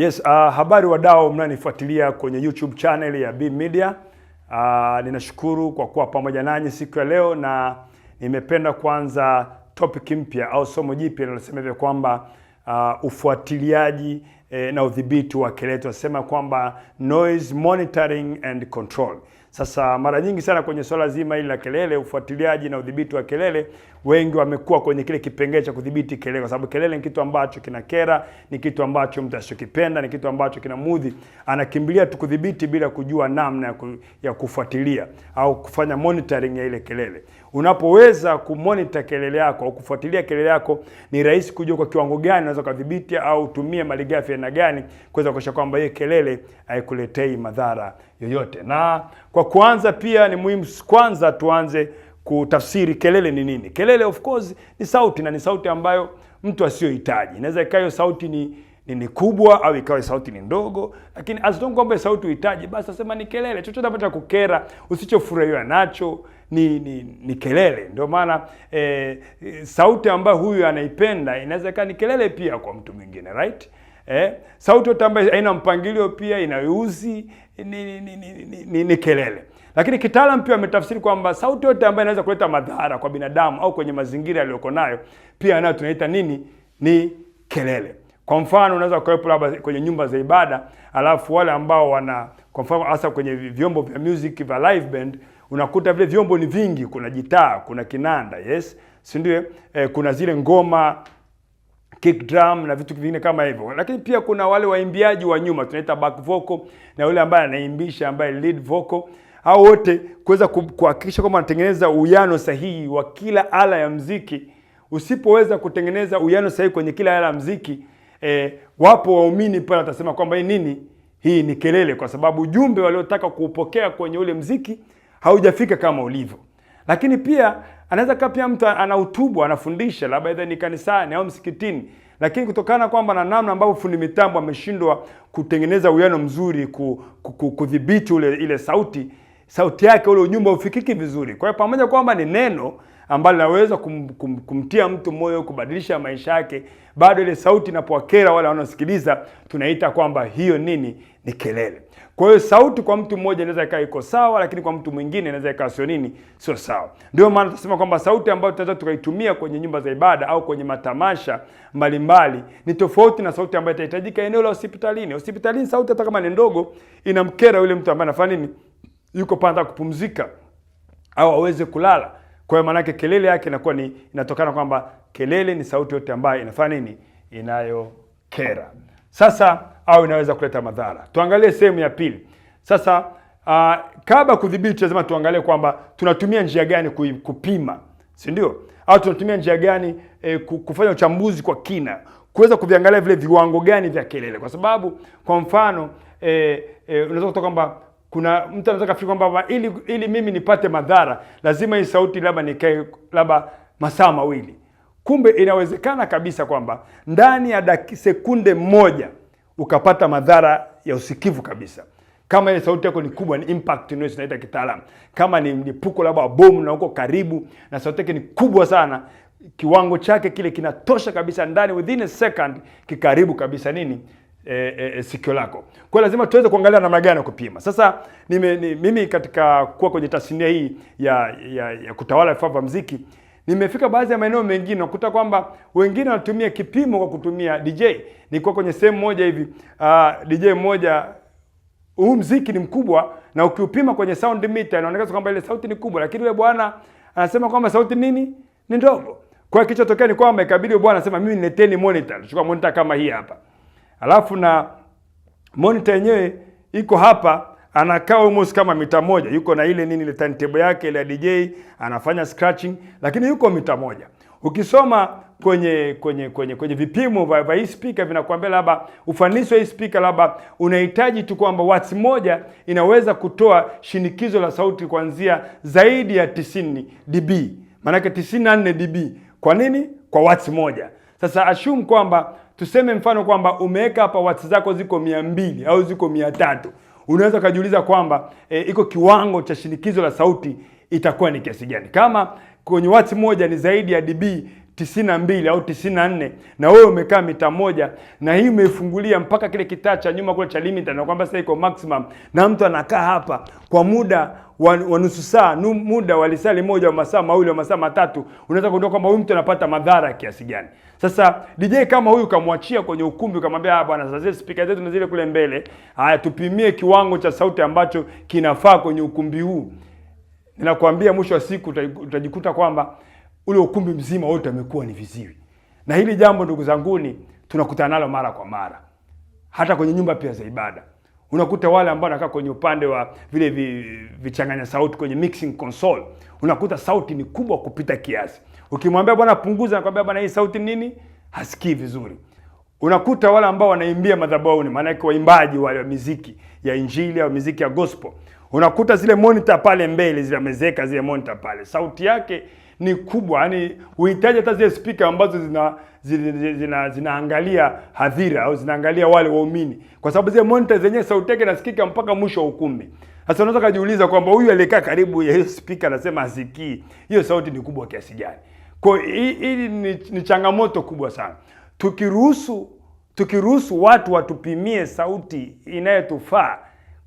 Yes, uh, habari wadau mnanifuatilia kwenye YouTube channel ya B Media. Uh, ninashukuru kwa kuwa pamoja nanyi siku ya leo na nimependa kuanza topic mpya au somo jipya linalosema hivyo kwamba uh, ufuatiliaji eh, na udhibiti wa kelele tunasema kwamba noise monitoring and control. Sasa mara nyingi sana kwenye swala zima hili la kelele, ufuatiliaji na udhibiti wa kelele, wengi wamekuwa kwenye kile kipengele cha kudhibiti kelele, kwa sababu kelele ni kitu ambacho kinakera, ni kitu ambacho mtu asichokipenda, ni kitu ambacho kinamudhi. Anakimbilia tu kudhibiti bila kujua namna ya kufuatilia au kufanya monitoring ya ile kelele. Unapoweza kumonita kelele yako au kufuatilia kelele yako, ni rahisi kujua kwa kiwango gani unaweza kudhibiti au utumie malighafi aina gani kuweza kuhakikisha kwamba hiyo kelele haikuletei madhara yoyote. Na kwa kwanza, pia ni muhimu kwanza tuanze kutafsiri kelele ni nini. Kelele of course ni sauti, na ni sauti ambayo mtu asiyohitaji. Inaweza ikawa hiyo sauti ni ni kubwa au ikawe sauti ni ndogo, lakini asitonga kwamba sauti uhitaji, basi asema ni kelele. Chochote ambacho kukera usichofurahiwa nacho ni, ni, ni kelele. Ndio maana e, sauti ambayo huyu anaipenda inaweza ikawa ni kelele pia kwa mtu mwingine right? E, sauti yote ambayo haina mpangilio pia inayuzi ni, ni, ni, ni, ni, ni kelele. Lakini kitaalamu pia ametafsiri kwamba sauti yote ambayo inaweza kuleta madhara kwa binadamu au kwenye mazingira yaliyoko nayo pia nayo tunaita nini? Ni kelele. Kwa mfano unaweza kuwepo labda kwenye nyumba za ibada, alafu wale ambao wana kwa mfano hasa kwenye vyombo vya music vya live band, unakuta vile vyombo ni vingi, kuna gitaa, kuna kinanda, yes, si ndio? E, kuna zile ngoma kick drum na vitu vingine kama hivyo, lakini pia kuna wale waimbiaji wa nyuma tunaita back vocal, na yule ambaye anaimbisha ambaye lead vocal hao wote kuweza kuhakikisha kwamba anatengeneza uwiano sahihi wa kila ala ya mziki. Usipoweza kutengeneza uwiano sahihi kwenye kila ala ya mziki e, wapo waumini pale watasema kwamba hii nini hii ni kelele, kwa sababu ujumbe waliotaka kuupokea kwenye ule mziki haujafika kama ulivyo. Lakini pia anaweza kaa pia mtu anahutubu anafundisha, labda ni kanisani au msikitini, lakini kutokana kwamba na namna ambavyo fundi mitambo ameshindwa kutengeneza uwiano mzuri, kudhibiti ule ile sauti sauti yake ule ujumbe ufikiki vizuri. Kwa hiyo pamoja kwamba ni neno ambalo linaweza kum, kum, kumtia mtu moyo kubadilisha maisha yake, bado ile sauti inapowakera wale wanaosikiliza, tunaita kwamba hiyo nini ni kelele. Kwa hiyo sauti kwa mtu mmoja inaweza ikawa iko sawa, lakini kwa mtu mwingine inaweza ikawa sio nini, sio sawa. Ndio maana tunasema kwamba sauti ambayo tunaweza tukaitumia kwenye nyumba za ibada au kwenye matamasha mbalimbali ni tofauti na sauti ambayo itahitajika eneo la hospitalini. Hospitalini sauti hata kama ni ndogo, inamkera yule mtu ambaye anafanya nini, yuko panda kupumzika au aweze kulala kwa hiyo maanake kelele yake inakuwa ni inatokana kwamba kelele ni sauti yote ambayo inafanya nini? Inayokera sasa, au inaweza kuleta madhara. Tuangalie sehemu ya pili sasa. Uh, kabla kudhibiti, lazima tuangalie kwamba tunatumia njia gani kupima, si ndio? Au tunatumia njia gani e, kufanya uchambuzi kwa kina kuweza kuviangalia vile viwango gani vya kelele, kwa sababu kwa mfano eh, e, unaweza kutoka kwamba kuna mtu anaweza kafikiri kwamba ili, ili mimi nipate madhara lazima hii sauti labda nikae labda masaa mawili. Kumbe inawezekana kabisa kwamba ndani ya sekunde moja ukapata madhara ya usikivu kabisa, kama ile sauti yako ni kubwa, ni impact noise inaita kitaalamu. Kama ni mlipuko labda wa bomu na uko karibu na sauti yake ni kubwa sana, kiwango chake kile kinatosha kabisa ndani, within a second kikaribu kabisa nini E, e, sikio lako. Kwa hiyo lazima tuweze kuangalia namna gani ya kupima. Sasa nime, ni, mimi katika kuwa kwenye tasnia hii ya, ya, ya kutawala vifaa vya muziki nimefika baadhi ya maeneo mengine nakuta kwamba wengine wanatumia kipimo kwa kutumia DJ. Nilikuwa kwenye sehemu moja hivi uh, ah, DJ mmoja huu mziki ni mkubwa na ukiupima kwenye sound meter inaonekana kwamba ile sauti ni kubwa, lakini yule bwana anasema kwamba sauti nini ni ndogo. Kwa hiyo kilichotokea ni kwamba ikabidi bwana anasema mimi nileteni monitor. Chukua monitor kama hii hapa Alafu na monitor yenyewe iko hapa, anakaa almost kama mita moja, yuko na ile nini ile turntable yake ile ya DJ, anafanya scratching, lakini yuko mita moja. Ukisoma kwenye kwenye kwenye kwenye vipimo vya vya hii speaker vinakuambia labda ufanisi wa hii speaker labda unahitaji tu kwamba watts moja inaweza kutoa shinikizo la sauti kuanzia zaidi ya 90 dB, maanake 94 dB. Kwa nini? Kwa watts moja. Sasa assume kwamba Tuseme mfano kwamba umeweka hapa watts zako ziko mia mbili au ziko mia tatu unaweza ukajiuliza kwamba e, iko kiwango cha shinikizo la sauti itakuwa ni kiasi gani? Kama kwenye watts moja ni zaidi ya dB 92 au 94 na wewe umekaa mita moja na hii umeifungulia mpaka kile kitaa cha nyuma kule cha limiter, na kwamba sasa iko maximum, na mtu anakaa hapa kwa muda wa nusu saa, muda wa lisali moja, wa masaa mawili, wa masaa matatu, unaweza kuondoa kwamba huyu mtu anapata madhara kiasi gani? Sasa DJ kama huyu kamwachia kwenye ukumbi ukamwambia, ah bwana, sasa zile spika zetu na zile kule mbele, haya tupimie kiwango cha sauti ambacho kinafaa kwenye ukumbi huu. Ninakwambia mwisho wa siku utajikuta kwamba ule ukumbi mzima wote umekuwa ni viziwi. Na hili jambo ndugu zanguni, tunakutana nalo mara kwa mara, hata kwenye nyumba pia za ibada unakuta wale ambao wanakaa kwenye upande wa vile vichanganya sauti kwenye mixing console, unakuta sauti ni kubwa kupita kiasi. Ukimwambia bwana punguza, anakwambia bwana, hii sauti nini, hasikii vizuri. Unakuta wale ambao wanaimbia madhabahuni, maana waimbaji wale wa miziki ya injili au miziki ya gospel, unakuta zile monitor pale mbele zile zinamezeka, zile monitor pale, sauti yake ni kubwa, yani uhitaji hata zile speaker ambazo zina zinaangalia zina, zina hadhira au zinaangalia wale waumini, kwa sababu zile monitor zenyewe sauti yake nasikika mpaka mwisho wa ukumbi. Sasa unaweza kujiuliza kwamba huyu aliyekaa karibu ya hiyo speaker anasema hasikii, hiyo sauti ni kubwa kiasi gani? Kwa hili ni, ni changamoto kubwa sana. Tukiruhusu tukiruhusu watu watupimie sauti inayotufaa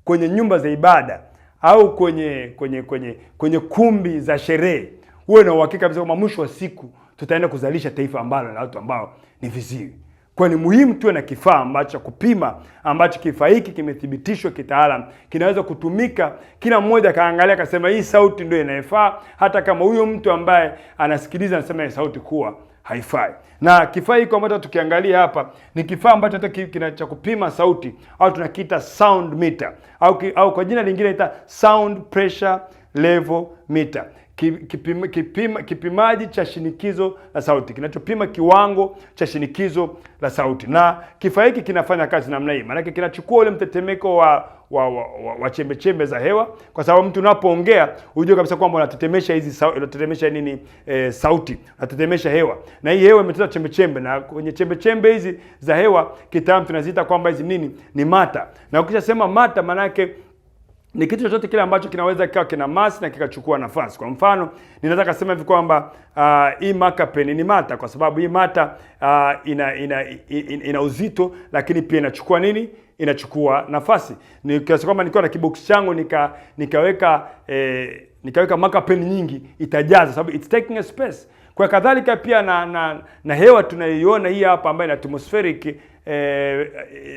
kwenye nyumba za ibada au kwenye kwenye kwenye kwenye kumbi za sherehe, huwe na uhakika kabisa kwamba mwisho wa siku tutaenda kuzalisha taifa ambalo na watu ambao ni viziwi. Kwa ni muhimu tuwe na kifaa ambacho kupima ambacho kifaa hiki kimethibitishwa kitaalam, kinaweza kutumika, kila mmoja akaangalia akasema hii sauti ndio inayefaa, hata kama huyo mtu ambaye anasikiliza anasema hii sauti kuwa haifai. Na kifaa hiki ambacho tukiangalia hapa ni kifaa ambacho hata kina cha kupima sauti au tunakiita sound meter au, au kwa jina lingine inaita sound pressure level meter kipima, kipima, kipimaji cha shinikizo la sauti kinachopima kiwango cha shinikizo la sauti, na kifaa hiki kinafanya kazi namna hii. Maanake kinachukua ule mtetemeko wa wa, wa, wa, wa chembe chembe za hewa, kwa sababu mtu unapoongea unajua kabisa kwamba unatetemesha hizi unatetemesha nini e, sauti unatetemesha hewa, na hii hewa imetoa chembe chembe, na kwenye chembe chembe hizi za hewa kitaalamu tunaziita kwamba hizi nini ni mata, na ukishasema mata yake ni kitu chochote kile ambacho kinaweza kikawa kina masi na kikachukua nafasi. Kwa mfano, ninaweza kusema hivi kwamba uh, hii maka pen ni mata, kwa sababu hii mata uh, ina, ina, ina, ina uzito lakini pia inachukua nini, inachukua nafasi. Ni kiasi kwamba nikiwa na kiboksi changu nika, nikaweka eh, nikaweka maka pen nyingi itajaza, sababu it's taking a space. Kwa kadhalika pia na, na, na hewa tunayoiona hii hapa ambayo ni atmospheric eh,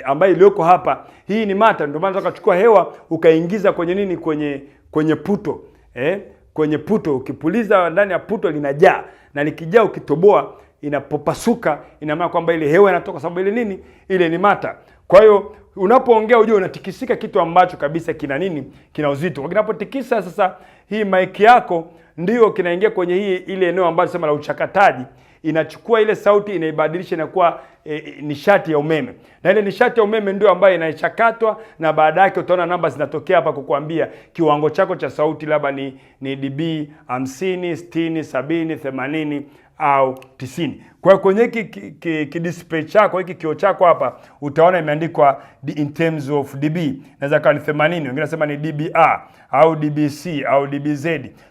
ambayo iliyoko hapa, hii ni mata. Ndio maana nataka hewa ukaingiza kwenye nini, kwenye kwenye puto eh, kwenye puto. Ukipuliza ndani ya puto linajaa, na likijaa ukitoboa inapopasuka ina maana kwamba ile hewa inatoka, sababu ile nini, ile ni mata. Kwa hiyo unapoongea ujue unatikisika kitu ambacho kabisa kina nini, kina uzito. Kwa kinapotikisa sasa, hii maiki yako ndio kinaingia kwenye hii ile eneo ambayo sema la uchakataji inachukua ile sauti inaibadilisha inakuwa e, e, nishati ya umeme, na ile nishati ya umeme ndio ambayo inachakatwa na baada yake utaona namba zinatokea hapa kukuambia kiwango chako cha sauti labda ni, ni dB 50, 60, 70, 80 au tisini. Kwa kwenye hiki ki, ki, ki chako hiki kio chako hapa utaona imeandikwa in terms of dB, naweza kawa ni themanini, wengine nasema ni dBA au dBc au dBz.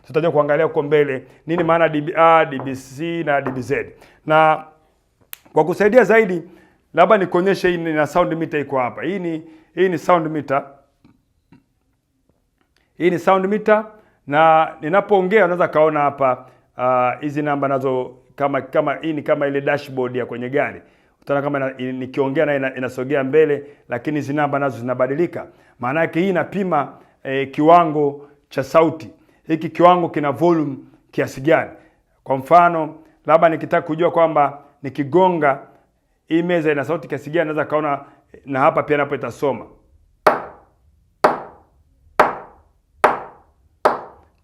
Tutaja kuangalia huko mbele nini maana dBA, dBc na dBz, na kwa kusaidia zaidi labda nikuonyeshe hii na sound meter iko hapa. Hii ni hii ni sound meter. Hii ni sound meter na ninapoongea unaweza kaona hapa Ah, hizi uh, namba nazo kama kama hii ni kama ile dashboard ya kwenye gari utaona kama nikiongea na ina, inasogea mbele, lakini hizi namba nazo zinabadilika. Maana yake hii inapima eh, kiwango cha sauti, hiki kiwango kina volume kiasi gani. Kwa mfano, labda nikitaka kujua kwamba nikigonga hii meza ina sauti kiasi gani, naweza kaona eh, na hapa pia napo itasoma.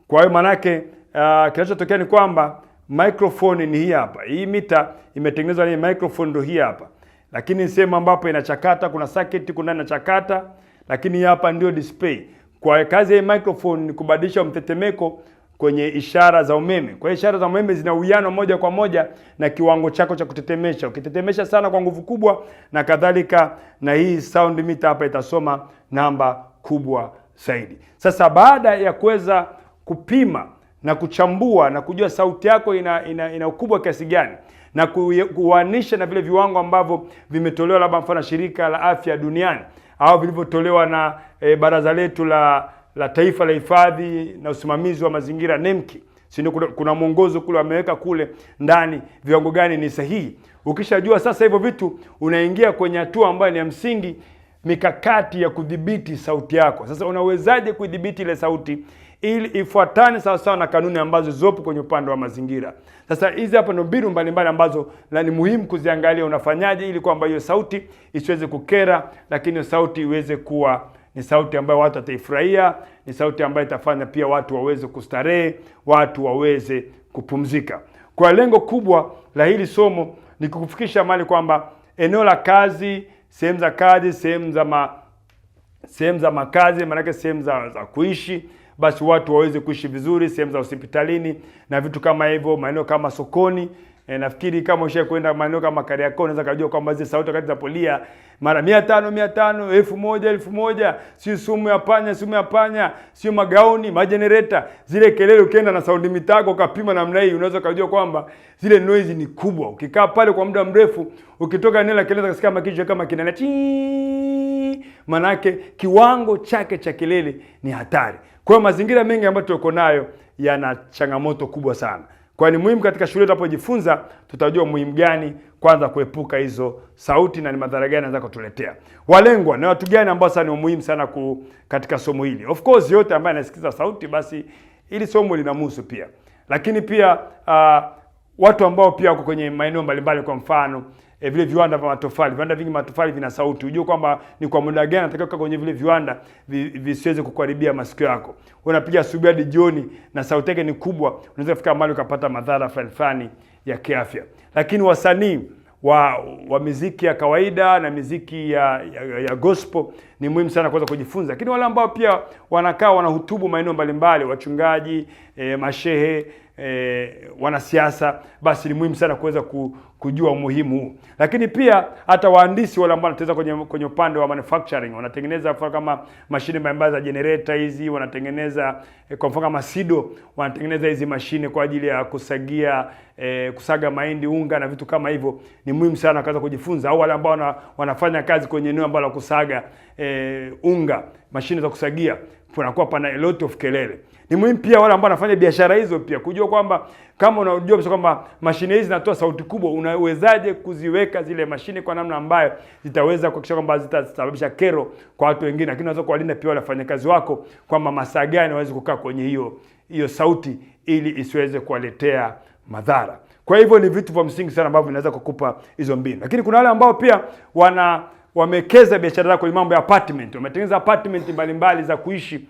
Kwa hiyo maanake uh, kinachotokea ni kwamba microphone ni hii hapa. Hii mita imetengenezwa ni microphone ndio hii hapa. Lakini sehemu ambapo inachakata kuna circuit kuna inachakata, lakini hapa ndio display. Kwa kazi ya microphone ni kubadilisha mtetemeko kwenye ishara za umeme. Kwa ishara za umeme zina uwiano moja kwa moja na kiwango chako cha kutetemesha. Ukitetemesha sana kwa nguvu kubwa na kadhalika, na hii sound meter hapa itasoma namba kubwa zaidi. Sasa baada ya kuweza kupima na kuchambua na kujua sauti yako ina, ina, ina ukubwa kiasi gani na kuanisha na vile viwango ambavyo vimetolewa labda mfano na shirika la afya duniani au vilivyotolewa na e, baraza letu la la taifa la hifadhi na usimamizi wa mazingira NEMKI, si kuna, kuna mwongozo kule ameweka kule ndani viwango gani ni sahihi. Ukishajua sasa hivyo vitu, unaingia kwenye hatua ambayo ni ya msingi, mikakati ya kudhibiti sauti yako. Sasa unawezaje kuidhibiti ile sauti ili ifuatane sawasawa na kanuni ambazo zopo kwenye upande wa mazingira. Sasa hizi hapa ndio mbinu mbalimbali ambazo na ni muhimu kuziangalia, unafanyaje ili kwamba hiyo sauti isiweze kukera, lakini sauti iweze kuwa ni sauti ambayo watu wataifurahia, ni sauti ambayo itafanya pia watu waweze kustarehe, watu waweze kupumzika. Kwa lengo kubwa la hili somo ni kukufikisha mali kwamba eneo la kazi, sehemu za kazi, sehemu za ma, sehemu za makazi, maanake sehemu za, za kuishi basi watu waweze kuishi vizuri sehemu za hospitalini na vitu kama hivyo, maeneo kama sokoni. E, nafikiri kama ushae kwenda maeneo kama Kariakoo unaweza kujua kwamba zile sauti wakati zinapolia mara mia tano mia tano elfu moja elfu moja sio sumu ya panya sumu ya panya sio magauni majenereta, zile kelele. Ukienda na saundi mitago ukapima namna hii, unaweza kujua kwamba zile noise ni kubwa. Ukikaa pale kwa muda mrefu, ukitoka eneo la kelele kasikia makichwa kama kinana, maanake kiwango chake cha kelele ni hatari. Kwa hiyo mazingira mengi ambayo tuko nayo yana changamoto kubwa sana. Kwa ni muhimu katika shule tunapojifunza, tutajua muhimu gani kwanza kuepuka hizo sauti na ni madhara gani anaweza kutuletea. Walengwa ni watu gani ambao sasa ni muhimu sana ku, katika somo hili. Of course yote ambaye anasikiza sauti basi ili somo linamhusu pia. Lakini pia uh, watu ambao pia wako kwenye maeneo mbalimbali kwa mfano e, vile viwanda vya matofali. Viwanda vingi matofali vina sauti, unajua kwamba ni kwa muda gani unatakiwa kukaa kwenye vile viwanda visiweze vi kukuharibia masikio yako. unapiga asubuhi hadi jioni na sauti yake ni kubwa, unaweza kufika mahali ukapata madhara fulani fulani ya kiafya. Lakini wasanii wa, wa miziki ya kawaida na miziki ya, ya, ya gospel ni muhimu sana kuweza kujifunza, lakini wale ambao pia wanakaa wanahutubu maeneo mbalimbali, wachungaji e, mashehe e, wanasiasa, basi ni muhimu sana kuweza kujua umuhimu huu. Lakini pia hata waandisi wale ambao wanatengeneza kwenye, kwenye upande wa manufacturing wanatengeneza kwa kama mashine mbalimbali za generator hizi wanatengeneza e, kwa mfano kama SIDO wanatengeneza hizi mashine kwa ajili ya kusagia e, kusaga mahindi, unga na vitu kama hivyo. Ni muhimu sana kaza kujifunza, au wale ambao wanafanya kazi kwenye eneo ambalo kusaga e, unga, mashine za kusagia kunakuwa pana a lot of kelele. Ni muhimu pia wale ambao wanafanya biashara hizo pia kujua kwamba kama unajua kwamba mashine hizi zinatoa sauti kubwa, unawezaje kuziweka zile mashine kwa namna ambayo zitaweza kuhakikisha kwamba zitasababisha kero kwa watu wengine, lakini unaweza kuwalinda pia wale wafanyakazi wako kwamba masaa gani waweze kukaa kwenye hiyo hiyo sauti ili isiweze kuwaletea madhara. Kwa hivyo ni vitu vya msingi sana ambavyo vinaweza kukupa hizo mbinu, lakini kuna wale ambao pia wana wamewekeza biashara zao kwenye mambo ya apartment, wametengeneza apartment mbalimbali za kuishi,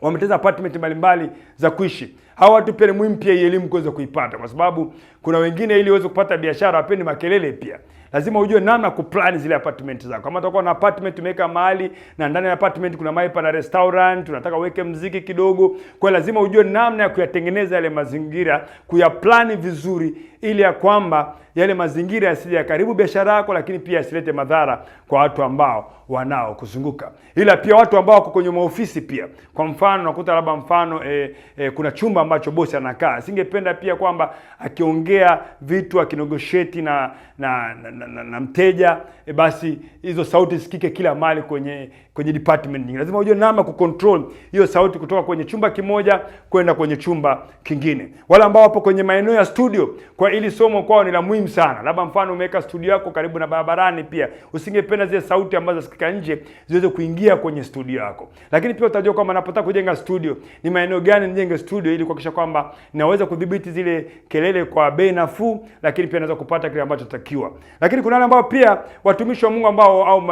wametengeneza apartment mbalimbali za kuishi. Hawa watu pia ni muhimu pia elimu kuweza kuipata, kwa sababu kuna wengine ili uweze kupata biashara wapendi makelele pia lazima ujue namna plan zile apartment zako. Kama utakuwa na apartment umeweka mahali na ndani ya apartment kuna mahali pana restaurant, unataka uweke mziki kidogo, kwa lazima ujue namna ya kuyatengeneza yale mazingira, kuyaplani vizuri, ili ya kwamba yale mazingira yasije yakaribu biashara yako, lakini pia yasilete madhara kwa watu ambao wanao kuzunguka Ila pia watu ambao wako kwenye maofisi pia, kwa mfano nakuta labda mfano e, e, kuna chumba ambacho bosi anakaa, singependa pia kwamba akiongea vitu akinogosheti na na, na, na, na, na mteja e, basi hizo sauti sikike kila mali kwenye kwenye department nyingine. Lazima ujue namna kucontrol hiyo sauti kutoka kwenye chumba kimoja kwenda kwenye chumba kingine. Wale ambao wapo kwenye maeneo ya studio, kwa ili somo kwao ni la muhimu sana. Labda mfano umeweka studio yako karibu na barabarani, pia usingependa zile sauti ambazo zasikika nje ziweze kuingia kwenye studio yako. Lakini pia utajua kwamba napotaka kujenga studio ni maeneo gani nijenge studio, ili kuhakikisha kwamba naweza kudhibiti zile kelele kwa bei nafuu, lakini pia naweza kupata kile ambacho natakiwa. Lakini kuna wale ambao pia watumishi wa Mungu ambao au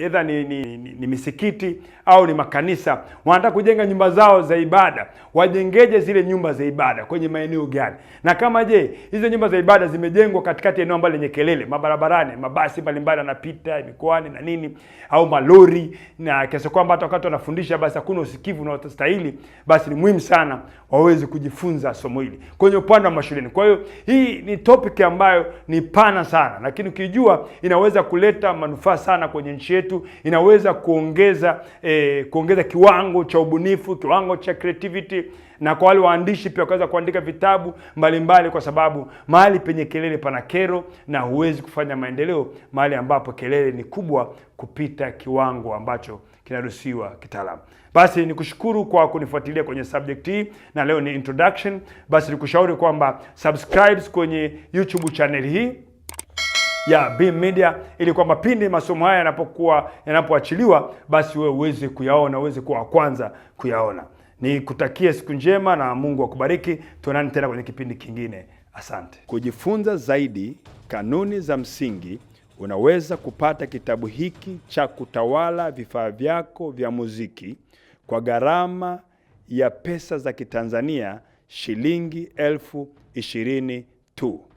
edha ni ni, ni, ni, ni misikiti au ni makanisa, wanataka kujenga nyumba zao za ibada, wajengeje zile nyumba za ibada kwenye maeneo gani? Na kama je, hizo nyumba za ibada zimejengwa katikati ya eneo ambalo lenye kelele, mabarabarani, mabasi mbalimbali yanapita mikoani na nini, au malori, na kiasi kwamba hata wakati wanafundisha basi hakuna usikivu unaostahili, basi ni muhimu sana waweze kujifunza somo hili kwenye upande wa mashuleni. Kwa hiyo hii ni topic ambayo ni pana sana, lakini ukijua inaweza kuleta manufaa sana kwenye nchi yetu, inaweza kuongea kuongeza eh, kuongeza kiwango cha ubunifu, kiwango cha creativity, na kwa wale waandishi pia wakaweza kuandika vitabu mbalimbali mbali, kwa sababu mahali penye kelele pana kero, na huwezi kufanya maendeleo mahali ambapo kelele ni kubwa kupita kiwango ambacho kinaruhusiwa kitaalamu. Basi ni kushukuru kwa kunifuatilia kwenye subject hii, na leo ni introduction. Basi nikushauri kwamba subscribes kwenye YouTube channel hii ya Beam Media ili kwamba pindi masomo haya yanapokuwa yanapoachiliwa, basi wewe uweze kuyaona, uweze kuwa wa kwanza kuyaona. kutakie siku njema na Mungu akubariki. Tuonane tena kwenye kipindi kingine. Asante. Kujifunza zaidi kanuni za msingi, unaweza kupata kitabu hiki cha Kutawala Vifaa Vyako vya Muziki kwa gharama ya pesa za Kitanzania shilingi elfu ishirini tu.